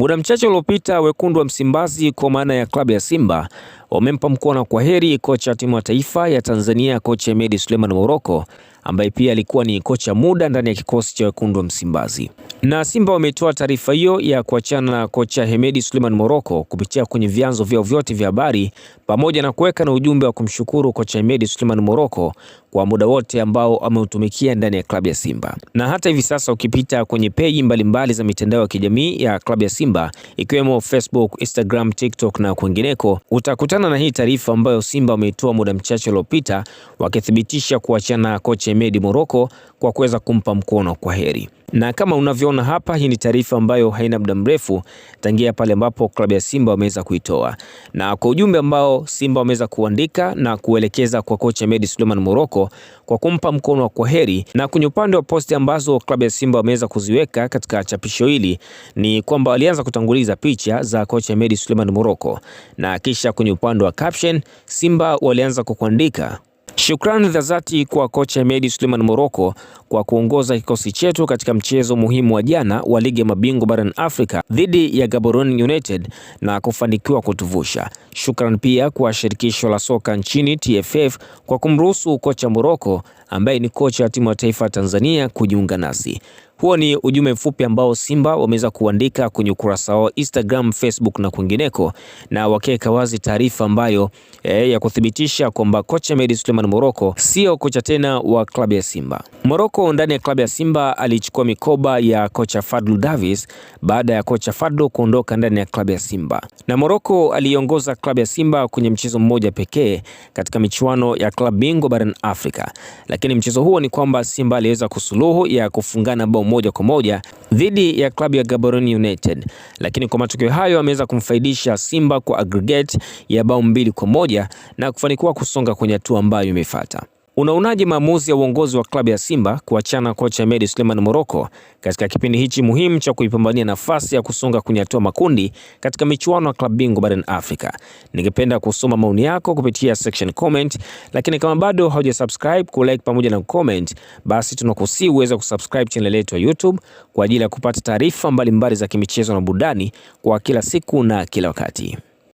Muda mchache uliopita wekundu wa Msimbazi kwa maana ya klabu ya Simba wamempa mkono kwa heri kocha wa timu ya taifa ya Tanzania, kocha Hemedi Suleiman Moroko ambaye pia alikuwa ni kocha muda ndani ya kikosi cha wekundu wa Msimbazi. Na Simba wametoa taarifa hiyo ya kuachana na kocha Hemedi Suleiman Moroko kupitia kwenye vyanzo vyao vyote vya habari, pamoja na kuweka na ujumbe wa kumshukuru kocha Hemedi Suleiman Moroko kwa muda wote ambao ameutumikia ndani ya klabu ya Simba. Na hata hivi sasa ukipita kwenye peji mbalimbali za mitandao ya kijamii ya klabu ya Simba ikiwemo Facebook, Instagram, TikTok na kwingineko utakutana Kuhusiana na hii taarifa ambayo Simba wameitoa muda mchache uliopita wakithibitisha kuachana na kocha Emedi Moroko kwa kuweza kumpa mkono kwa heri, na kama unavyoona hapa, hii ni taarifa ambayo haina muda mrefu tangia pale ambapo klabu ya Simba wameweza kuitoa, na kwa ujumbe ambao Simba wameweza kuandika na kuelekeza kwa kocha Emedi Suleiman Moroko kwa kumpa mkono wa kwa heri. Na kwenye upande wa posti ambazo klabu ya Simba wameweza kuziweka katika chapisho hili ni kwamba walianza kutanguliza picha za kocha Emedi Suleiman Moroko na kisha kwenye upande upande wa caption, Simba walianza kukuandika. Shukrani za dhati kwa kocha Medi Suleiman Moroko kwa kuongoza kikosi chetu katika mchezo muhimu wa jana wa ligi ya mabingwa barani Afrika dhidi ya Gaborone United na kufanikiwa kutuvusha. Shukrani pia kwa shirikisho la soka nchini TFF kwa kumruhusu kocha Moroko ambaye ni kocha wa timu ya taifa ya Tanzania kujiunga nasi. Huo ni ujumbe mfupi ambao Simba wameweza kuandika kwenye ukurasa wao Instagram, Facebook na kwingineko, na wakiweka wazi taarifa ambayo e, ya kuthibitisha kwamba kocha Medi Suleiman Moroko sio kocha tena wa klabu ya Simba. Moroko ndani ya klabu ya Simba alichukua mikoba ya kocha Fadlu Davis baada ya kocha Fadlu kuondoka ndani ya klabu ya Simba, na Moroko aliongoza klabu ya Simba kwenye mchezo mmoja pekee katika michuano ya klabu bingwa barani Afrika, lakini mchezo huo ni kwamba Simba aliweza kusuluhu ya kufungana bao moja kwa moja dhidi ya klabu ya Gaborone United, lakini kwa matokeo hayo ameweza kumfaidisha Simba kwa aggregate ya bao mbili kwa moja na kufanikiwa kusonga kwenye hatua ambayo imefuata. Unaonaje maamuzi ya uongozi wa klabu ya Simba kuachana kocha medi Suleiman Moroko katika kipindi hichi muhimu cha kuipambania nafasi ya kusonga kwenye hatua makundi katika michuano ya klabu bingwa barani Afrika? Ningependa kusoma maoni yako kupitia section comment, lakini kama bado haujasubscribe, kulike pamoja na comment, basi tunakusii uweze kusubscribe channel yetu ya YouTube kwa ajili ya kupata taarifa mbalimbali za kimichezo na burudani kwa kila siku na kila wakati.